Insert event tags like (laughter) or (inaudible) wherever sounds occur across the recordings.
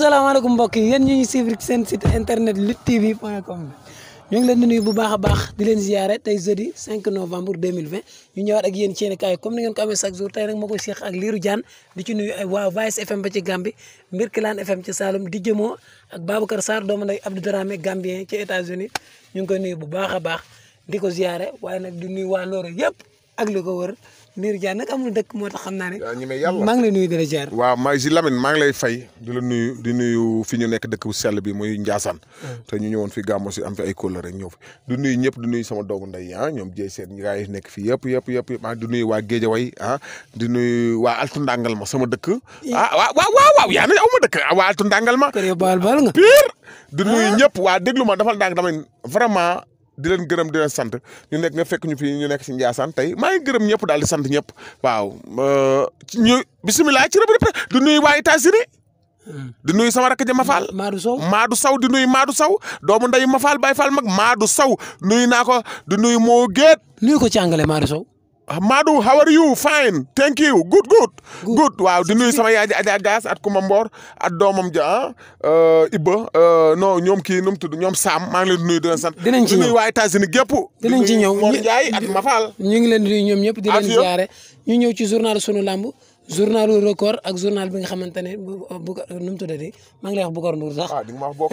salaamaaleykum mbokk yi yéen ñu ngi suivre seen site internet luttetv.com ñu ngi leen di nuyu bu baax a baax di leen ziare tey jeudi 5 novembre 2020 ñu ñëwaat ak yen ci yéen kaay comme ni ngeen ko amee chaque jour tey nag ma koy Cheikh ak Lirou Diane di ci nuyu ay waa Vice FM ba ci Gambie Mbirkilaan FM ci Saloum di jëmoo ak Babacar Sarr doomu nday Abdou Dramé Gambien ci États-Unis ñu ngi koy nuyu bu baax a baax di ko ziare waaye nag di nuyu waa Loore yëpp ak li ko wër. Nirou Diane nag amul dëkk moo tax naa ne. waaw ñi may yàlla maa ngi nuyu di waaw maa si Lamine ngi lay fay di la nuyu di nuyu fi ñu nekk dëkk bu sell bi muy Ndiassane. Mm. te ñu ñëwoon fi gàmmu si am fi ay kóllëre rek ñëw fi. du nuyu ñëpp du nuyu sama doomu ndey ah ñoom Dieng seen ñi yi nekk fii yëpp yëpp yëpp maa du nuyu waa Géejawaay ah di nuyu waa Altu Ndàngal ma sama dëkk. ah waaw waaw waaw yaa ngi aw ma dëkk ah, waa Altu Ndàngal ma. kër du nuyu ñëpp waa déglu ma dafal ndànk damay vraiment di leen gërëm di sant ñu nekk nga fekk ñu fi ñu nekk si Ndiassane tey maa gërëm ñëpp daal di sant ñëpp waaw euh, ci ñu bisimilah ci rëb rëb di nuyu waa États-Unis di nuyu sama rekk ja Mafal. maadu saw di nuyu maadu saw doomu ndeyu Mafal bay Fall mag Maadou saw nuyu naa ko di nuyu moo géet. nuyu ko ci àngale Maadou Madou how are you fine thank you good good. good waaw di nuyu sama yaay ji Adja Gaas at Kumba Mboor at doomam ja ah euh, Ibba euh, non ñoom kii nu mu tudd ñoom Sam maa ngi leen di nuyu di leen sant. dinañ waaye ñëw di nuyu waa États-Unis gépp. dinañ ci ñëw moom Ndiaye at ñu ngi leen di nuyu ñoom ñëpp di leen ziare. ñu ñëw ci journal sunu lamb. journalu record ak journal bi nga xamante ne bu bu nu mu tuddati maa ngi lay wax Bokar Ndour sax ah,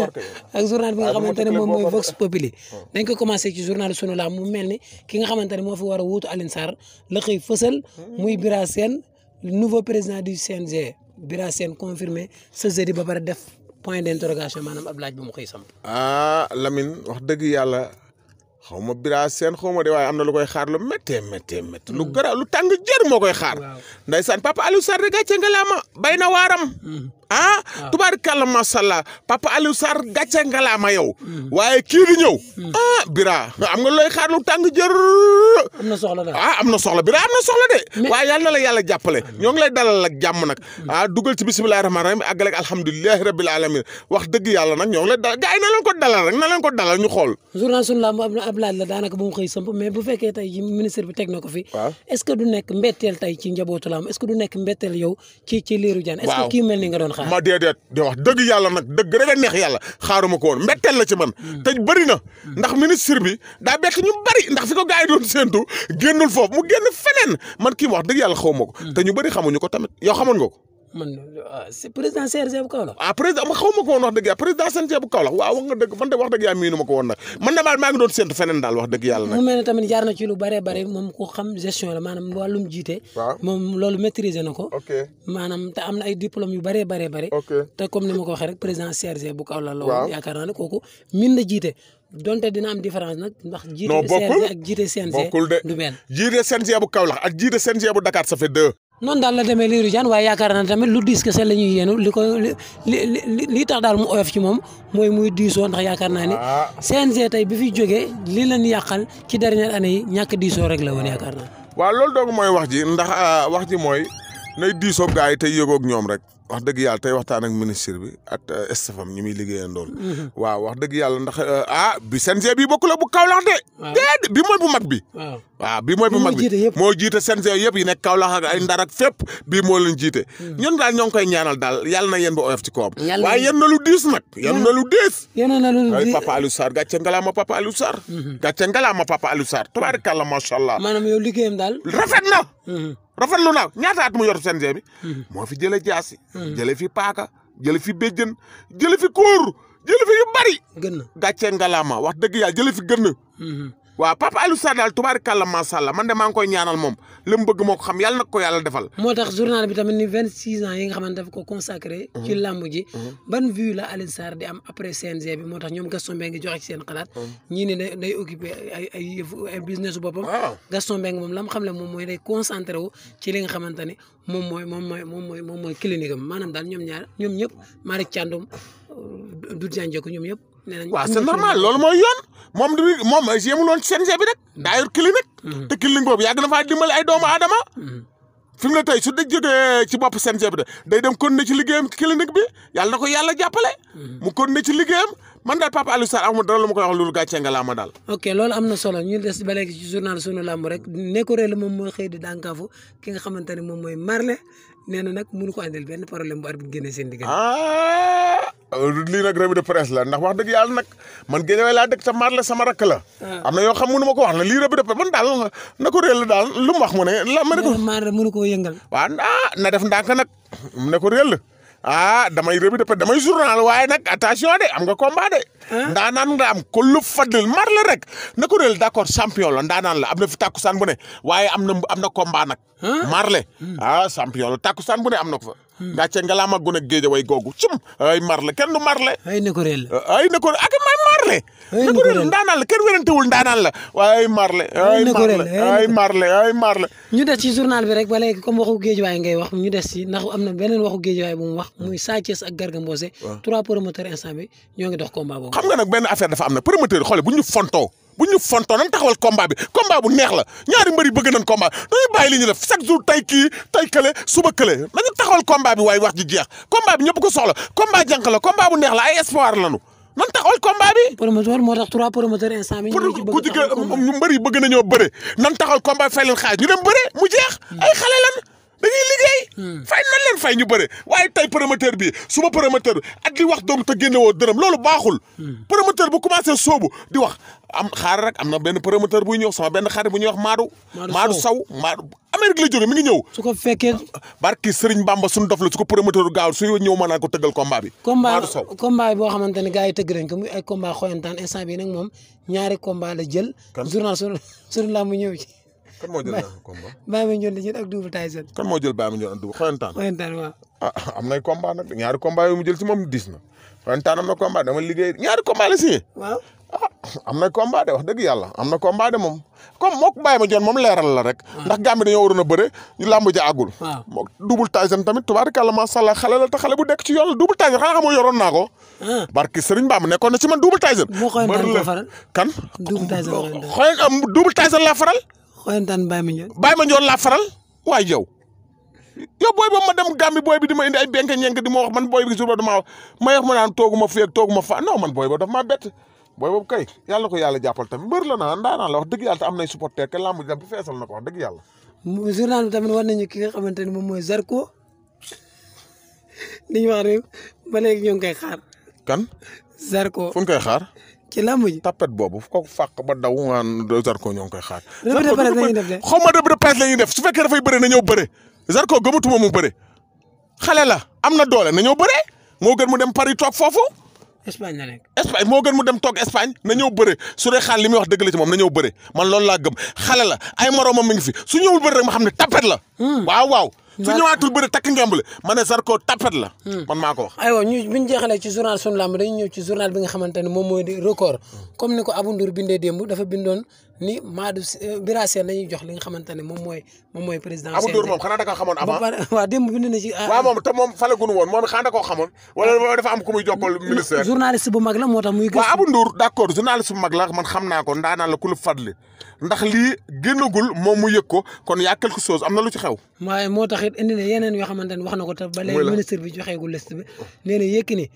(laughs) ak journal bi nga ah, xamante mooy Vox Populi ah. dañ ko commencé ci journal sono laa mu mel ni ki nga xamante ne moo fi war a wuutu Alioune la xëy fësal muy Bira Sène nouveau président du CNG Bira Sène confirmé ce jeudi ba pare def point d'interrogation maanaam ab laaj bu mu xëy samp dëgg yàlla xaw ma bira seen xaw ma de waaye am na lu koy xaar lu méttee méttee méttee lu mm. garaaw lu tàng jër moo koy xaar. ndaysaan papa Aliou Sarr de gàcce nga laa ma bay na waaram. Mm. ah tubaarkàlla macha allah papa Aliou Sarr gàcce nga laa ma yow. Mm. waaye kii di ñëw. ah bira am nga looy xaar lu tàng jër. am na soxla de ah am na soxla bira am na soxla de. waaye yal na la yàlla jàppale. ñoo ngi lay dalal ak jàmm nag. ah dugal ci bisimilah rahmaani rahiim àggale ak alhamdulilah rabbil alamin wax dëgg yàlla nag ñoo ngi lay dalal gars yi na leen ko dalal rek na leen ko dalal ñu xool. journal sunu lamb am na ab laaj la daanaka bu mu xëy sëmp mais bu fekkee tey ji ministre bi teg na ko fi est-ce que du nekk mbetteel tey ci njabootu laam est-ce yow ci ci liiru jaan est-ce que doon xaar ma déedéet di wax dëgg yàlla nag dëgg rek a neex yàlla xaaruma ko woon la ci man hmm. te bëri na hmm. ndax ministre bi daa bett ñu bëri ndax fi ko gars yi doon séentu génnul foofu mu génn feneen man kii wax dëgg yàlla xaw ma ko hmm. te ñu bëri xamuñu ko tamit yow xamoon nga ko man ah, c' est président CRG bu Kaolack. ah président xaw ma ko woon wax dëgg a président CRG bu Kaolack waaw wax nga dëgg man de wax dëgg moom ku xam gestion la maanaam wàllum na ko. ok maanaam am na ay diplôme yu bare bare bare. te comme ni ma ko waxee rek président CRG bu Kaolack la. waaw yaakaar naa ne kooku jiite. donte nag ndax. non bokkul jiite CRG ak jiite CNG. bokkul de du benn jiite bu Kaolack ak jiite CNG bu deux. noonu daal la demee Lirou Diane waaye yaakaar na tamit lu diis kese la ñuy yéenu li ko li tax daal mu oyof ci moom mooy muy diisoo ndax yaakaar naa ne ah. CNG tey bi fi jógee lii leen yàqal ci dernière année yi ñàkk diisoo rek la woon yaakaar naa waa loolu doog mooy wax ji ndax ah, wax ji mooy nay diisoo gaa yi tey yëgoog ñoom rek wax dëgg yàlla tey waxtaan ak ministre bi ak euh, stafam ñi muy liggéeyandool mhm. waaw wax dëgg yàlla ndax euh, a ah, bi CNG bi bokku la bu Kaolack de déedéet bi mooy bu mag bi waaw bi mooy bu mag bi moo jiite CNG yëpp yi nekk Kaolack ak ay mhm. ndar ak fépp bii moo leen jiite mhm. ñun daal ñoo ngi koy ñaanal daal yàlla na yen ba oyof ci koom waaye yéen na lu diis nag yéen na lu diis ay papa Aliou Sarr gàcce ngalaama papa Aliou Sarr gàcce ngalaama papa Aliou Sarr tubaarikàlla macha allah maanaam yow liggéeyam daal rafet rafetlu na ñaata at mu yor CNG bi. Hmm. moo fi jëlee jaasi. Hmm. jëlee fi paaka jëlee fi béjjën jëlee fi kóor jëlee fi yu bari. gën na ngalaama wax dëgg yàlla jëlee fi gën hmm. waaw papa Alioune Sarr daal tubaarikàlla macha allah man de maa ngi koy ñaanal moom la mu bëgg moo ko xam yàlla na ko yàlla defal. moo tax journal bi tamit ni 26 ans yi nga xamante dafa ko consacré. ci mhm. làmb ji. Mhm. ban vue la Alioune Sarr di am après CNG bi moo tax ñoom Gaston Mbengue joxe ci seen xalaat. Mhm. ñii ne day day occupé ay ay ay business su boppam. Gaston Mbengue moom la mu xam ne moom mooy day concentré wu ci li nga xamante ne moom mooy moom mooy moom mooy moom mooy clinique am maanaam daal ñoom ñaar ñoom ñëpp Malick Thiandoum Doudou Diagne Diécko ñoom ñëpp. waaw c'est normal loolu mooy yoon moom du moom yemul woon ci CNG bi rek daa yor clinique. Mm. te clinique boobu yàgg na faa dimbali ay doomu aadama. Mm. fi mu ne tey su dee jotee ci bopp CNG bi de day dem continuer ci liggéeyam clinique bi yàlla na ko yàlla jàppale. Mm. mu continuer ci liggéeyam man daal Papa Alioune Sarr amul dara lu ma koy wax loolu gàcce nga laa ma daal. ok loolu am na solo ñu des ba léegi ci journal sunu làmb rek nekkuréel moom mooy xëy di dànkaafu ki nga xamante ne moom mooy Marley nee na nag mënu ko andil benn problème bu arbitre génnee seen diggante. Ah! lii nag revue de presse la ndax wax dëgg yàlla nag man géejawaay laa dëkk te maar la sama rakk la. Ah. am na yoo xam mënu ma ko wax la lii revue de presse man daal na ko réel la lu mu wax ne. la ma ne ko maar mënu koo yëngal. waaw na def ndànk nag ne ko réel la ah damay revue de presse damay journal waaye nag attention de am nga combat de. Ah. ndaanaan nga am ko lu fadlil maar la rek na ko réel d'accord champion la ndaanaan la am na fu tàkkusaan bu waaye am na am na combat nag. Ah. maar le ah champion la tàkkusaan bu ne am na ko gàcce nga laa maggun ak géej way googu cum ay marle kenn du marle ay nekoreel ay nekoreel ak ma marle nekoreel ndaanaan la kenn wérantewul ndaanaan la ay marle ay marle ay marle ay marle ñu des ci bi rek ba léegi comme waxu géej waay ngay wax ñu des ci ndax am na beneen waxu géej waay bu wax muy Sa Thiès ak Garga Mbossé trois promoteurs instant ñoo ngi dox combat boobu xam nga nag benn affaire dafa am na promoteur xoole bu ñu fontoo bu ñu fontoo nañ taxawal combat bi combat neex la ñaari mbër yi bëgg nañ combat dañuy bàyyi li ñu def chaque jour tay kii tay kële suba kële nañu taxawal combat bi waaye wax ji jeex combat bi ñëpp ko soxla combat jànq la combat neex la ay espoir lañu nan taxawal combat bi. promoteur moo tax trois promoteur instant bi. ñu mbër yi bëgg nañoo bëre nan taxawal combat fay leen xaalis ñu dem bëre mu jeex ay xale lan. dañuy liggéey. Hmm. fay nan leen fay ñu bëre waaye tey promoteur bi suma promoteur ak li wax doom te génne woo dërëm loolu baaxul. Hmm. promoteur bu commencé soobu di wax am xaar rek am na benn promoteur buy ñëw sama benn xaar bu ñuy wax Maadou. Maadou Sow Maadou Amérique la jógee mi ngi ñëw. su ko fekkee. barki Serigne Bamba suñu dof la su ko promoteur gaaw su ñëw ma naa ko tëggal combat bi. Maadou Sow combat bi boo xamante ne gars yi tëgg nañ ko muy ay combat xoyantaan instant bi nag moom ñaari combat la jël. journal ñëw ci. kan moo jël ñaari ma Baye Mandione la jël ak Double Tyson. kan moo jël Baye Mandione ak Double xoyantaan. xoyantaan waaw. Ah, ah am nay combat nag ñaari combat yu mu jël ci moom dis na xoyantaan am na combat dama liggéey ñaari combat la signé. waaw ah am na combat de wax dëgg yàlla am na combat de moom comme mook Baye Mandione moom leeral la rek. Ah. ndax gàmm dañoo waroon a bëre ñu ah. mook Double Tyson tamit tubaarikàlla macha allah xale la te xale bu nekk ci yoon la Double Tyson xanaa xamoo yoroon naa ko. barki Serigne Bamba nekkoon na ci man Double Tyson. moo xoyantaan la faral kan. Double Tyson la faral. xoolee daan Baye Mandione. Baye Mandione laa faral waaye yow yow booy boobu ma dem Gàmbi booy bi di ma indi ay benk ñenk di ma wax man booy bi suba du ma wax ma wax ma naan toogu ma fii ak toogu ma fa non man booy boobu daf maa bett. booy boobu kay yàlla ko yàlla jàppal tamit mbër la naa ndaanaan la wax dëgg yàlla te am nay supporter ke lamb ji bu feesal ko wax dëgg yàlla. journal bi tamit war nañu ki nga xamante ne moom mooy Zarko li ñu wax rek ba léegi ngi koy xaar. kan. Zarko fu ñu koy xaar. ci làmb ji tapet boobu kooku fàq ba daw ngaan Zarko ñoo ngi koy xaar. revue de presse la ñuy def de xaw ma revue de presse la ñuy def su fekkee dafay bëre na ñëw bëre Zarko gëmatuma mu bëre xale la am na doole na ñëw bëre moo gën mu dem pari toog foofu. Espagne la nekk Espagne moo gën mu dem toog Espagne na ñëw bëre su dee xaal li muy wax dëgg la ci moom na ñëw bëre man loolu laa gëm xale la ay moromam mi ngi fi su ñëwul bëre rek ma xam ne tapet la. Hmm. waaw waaw su ñëwaatul bëri takk ngemb la ma ne Zarko tapet la. Hmm. man maa ko wax. aywa ñu bu ñu jeexalee ci journal sunu làmb dañuy ñëw ci journal bi nga xamante ne moom mooy di record hmm. comme ni ko Abou Ndour bindee démb dafa bindoon ni Madou euh, Bira Sène la ñuy jox li nga xamante ne moom mooy moom mooy président. Abou Ndour moom xanaa da koo xamoon avant ba pare waaw démb bind na ci. Euh, waaw moom te moom falagunu woon moom xanaa da koo xamoon. wala ah. dafa am ku muy jokkal ministère. journaliste bu mag la moo tax muy. gëstu waaw Abou Ndour d' accord journaliste bu mag la man ko ndaanaan la ku la ndax lii génnagul moom mu yëg ko kon y' a quelque chose am na lu ci xew. waaye moo tax it indi na yeneen yoo xamante ne wax na ko te ba léegi ministre bi joxeegul liste bi nee na Yékini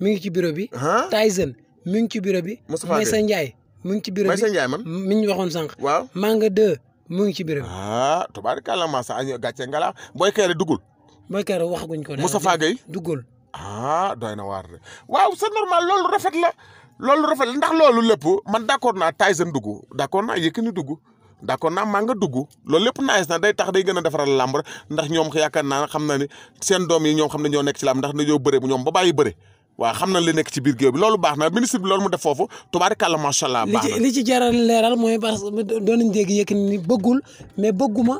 mi ngi ci bureau bi Tyson mi ngi ci bureau bi Moussa Ndiaye mu ngi ci bureau bi Maysa Ndiaye man mi ñu waxoon sànq. waaw Manga 2 mu ngi ci bureau bi. ah tubaarkàlla Massa gàcce ngala Boy Kéré duggul. Boy wax waxaguñ ko. Moustapha Gueye duggul. ah doy na waar de waaw c'est normal loolu rafet la loolu rafet la ndax loolu lépp man d'accord naa Tyson dugg d'accord naa Yékini dugg d'accord naa Manga dugg loolu lépp naaj na day tax day gën a defaral làmb ndax ñoom yaakaar naa xam na ni seen doom yi ñoom xam ne ñoo nekk ci làmb ndax dañoo bëre bu ñoom ba bàyyi bëre. waa xam na le nekk ci biir géew loolu baax na ministre bi loolu mu def foofu tubaarikàlla macha allah. baax na li ci jaral leeral mooy parce que doon nañu dégg yëkk ni bëggul mais bëgguma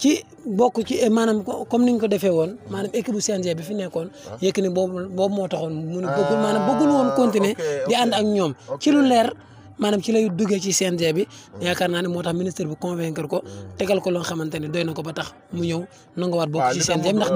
ci bokk ci eh, maanaam comme ni ñu ko defee woon maanaam équipe bu bi fi nekkoon. Ah. yëkk ni boobu boobu moo taxoon. mu ne bëggul maanaam bëggul woon continuer ah, di ànd ak ñoom ci lu leer. maanaam ci lay duggee ci CNG bi mm. yaakaar naa ne moo tax ministre bi convaincre ko mm. tegal ko loo xamante doy na ko ba tax mu ñëw nangawaat ko fi ay mu ne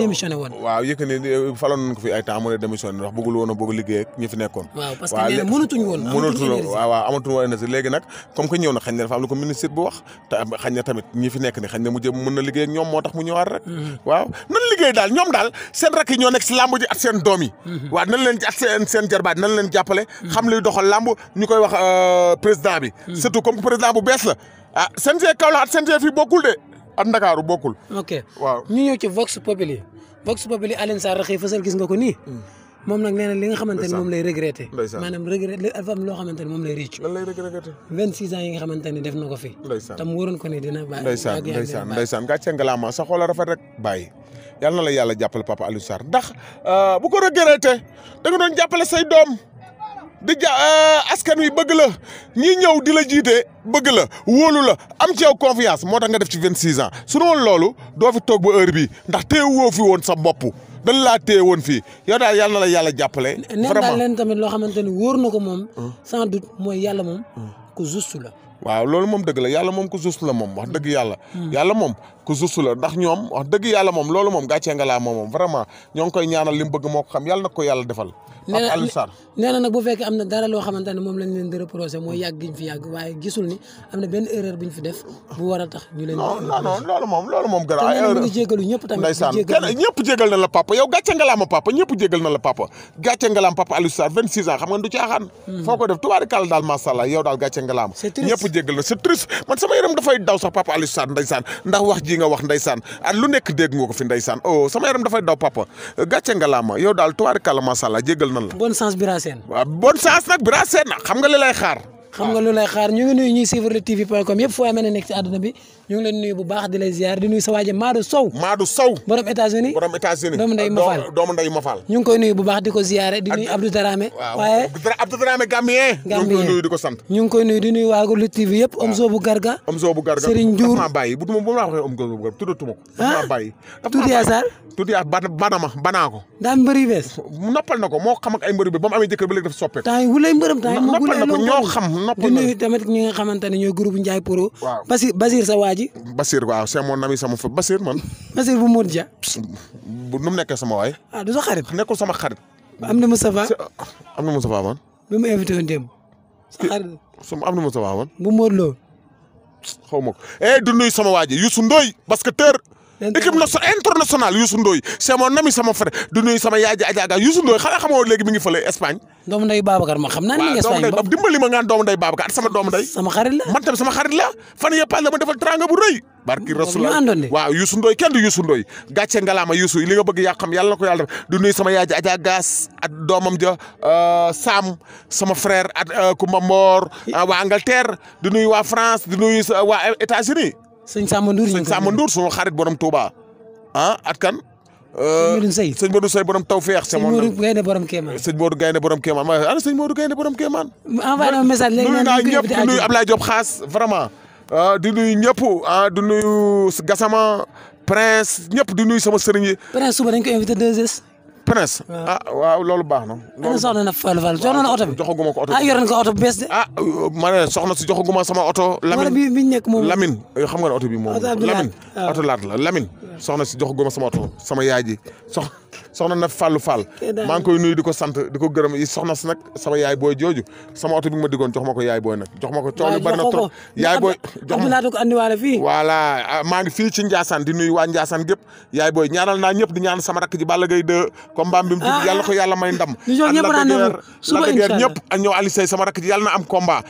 démissionné ndax a bëgg liggéey ak ñi fi nekkoon waaw parce que mënatuñ woon mënatuñ waaw waaw amatuñ woon énergie léegi nag comme que ñëw na xañ na dafa am lu ko ministre bi wax te xañ na tamit ñi fi nekk ni xañ na mu jëm mën na liggéey ñoom moo tax mu ñëwaat rek mm-hmm. waaw nan liggéey daal ñoom daal seen rakk yi ñoo nekk si làmb ji ak seen doom yi mm-hmm. waaw nan leen ak seen seen jarbaat nan leen jàppale mm-hmm. xam luy doxal làmb ñu koy wax euh, président bi. Hmm. surtout comme président bu bees la ah CNG Kaolack ak CNG fii bokkul de ak Ndakaaru bokkul. ok waaw ñu ci Vox Populi Vox Populi Alioune Sarr xëy fësal gis nga ko nii. Hmm. moom nag nee li nga xamante moom lay regretté. maanaam regretté dafa am nga xamante ne sa xoola rafet rek bàyyi. yàlla la yàlla jàppale papa Alioune ndax euh, bu ko regretté da nga doon doom di eh, askan wi bëgg la ñi ñëw di la jiite bëgg la wóolu la am ci yow moo tax nga def ci vingt six ans su woon loolu doo fi toog ba heure bi ndax téye woo woon sa bopp dañ laa téye woon fii yow daal yàlla la yàlla jàppale. vraiment neen daal leen tamit loo xamante ni wóor na ko moom. san doute mooy yàlla moom. ku juste la. waaw loolu moom dëgg la yàlla moom ku juste la moom wax dëgg yàlla. yàlla moom ku juste ndax ñoom wax dëgg yàlla moom loolu moom gàccee nga laa moo ko xam yàlla na ko yàlla na nag bu fekkee am na dara loo ne moom lañ leen di reproché mooy yàgg gi ñu fi yàgg waaye gisul ni am na benn erreur bu ñu a a ay papa ñëpp jégal na la papa gàcce nga papa Alioune Sarr 26 ans xam nga du caaxaan. Hmm. foo ko def tubaari kàlla daal macha allah daal gàcce nga laa ko jéggal na c'est triste man sama yaram dafay daw sax papa Aliou Sane ndeysaan ndax wax ji nga wax saan ak lu nekk dégg nga ko fi ndeysaan oh sama yaram dafay daw papa gàcce nga laa ma yow daal tubaarikàlla macha allah jéggal nan la. bon sens Birasène. waaw bon sens nag Birasène xam nga li lay xaar. xam nga lu lay xaar ñu ngi nuyu ñuy suivre le TV point com yëpp foo amee ne nekk ci àdduna bi ñu ngi leen nuyu bu baax di lay ziar di nuyu sa waaje Maadou Sow Maadou Sow borom états doomu nday Mafal doomu nday Mafal ñu ngi koy nuyu bu baax di ko ziare di nuyu Abdou Dramé waaye Abdou Dramé Gambien ñu ngi koy nuyu di ko sant ñu ngi koy nuyu di banama banaa ko daa mbëri bees noppal na ko moo xam ak ay mbëri bi ba mu amee jëkkër ba léegi dafa wulay mbërëm temps yi noppal na ko ñoo xam noppal na ko di ji. Basir waaw c'est mon ami sama fa Basir man. Basir bu Modou Dia. bu nekkee sama waay. ah du sa xarit. nekkul sama xarit. am na Moustapha. am na Moustapha man. bi mu sa xarit sama am na Moustapha man. bu Modou Lo. xaw ma ko eh, sama waa ji Youssou Ndoye équipe nationale internationale Youssou Ndoye c'est mon sama frère du nuyu sama yaay ji Adja Youssou Ndoye xanaa xamoo léegi mi ngi fële Espagne. doomu nday Babacar ma xam naa ne Espagne ba dimbali ma ngaan doomu nday Babacar at sama doomu la man la fan yëpp la ma xam yàlla na ko sama yaay ji Adja Gass ak doomam ja euh, Sam sama frère ak Kumba euh, Mboor euh, waa Angleterre du nuyu waa France du nuyu waa États-Unis sëñ Samba Ndour sëñ Samba Ndour suma xarit borom Touba ah at kan. sëñ euh, Modou Seye sëñ Modou Seye borom tawféex. sëñ Modou Gaynde borom Kéemaan sëñ Modou Gaynde borom Kéemaan ma ana sëñ Modou Gaynde borom Kéemaan. mu envoyé na message léegi naan ñu ngi koy invité àjjuma nuyu xaas vraiment. Euh, di nuyu ñëpp ah di nuyu Gassama Prince ñëpp di nuyu sama sëriñ yi. Prince suba dañ ko invité Prince. Ah. ah waaw loolu baax na. loolu soxna na Fall Fall jox na oto bi joxaguma ko oto bi ah yoroon ko oto bu bees de. ah ma soxna si joxaguma sama oto. Lamine bi bi ñu nekk moom Lamine xam nga oto bi moom. oto ah. laat Lamine oto la Lamine. Ah. soxna si joxaguma sama oto sama yaay ji sox. soxna na fàllu fal maa ngi koy nuyu di ko sant di ko gërëm yi soxna si nag sama yaay booy jooju sama oto bi nga ma diggoon jox ma ko yaay booy nag jox ma ko coow li na trop yaay booy jox ma ko andiwaale fii voilà ah, maa ngi fii ci Ndiassane di nuyu waa Ndiassane yaay booy ñaanal naa ñëpp di ñaan sama rakk ji Balla Gaye de comme mbaam bi mu tudd ah, yàlla ko yàlla may ndam ak Lac de Guiers ñëpp ak ñëw Aliou sama rakk ji yàlla na am combat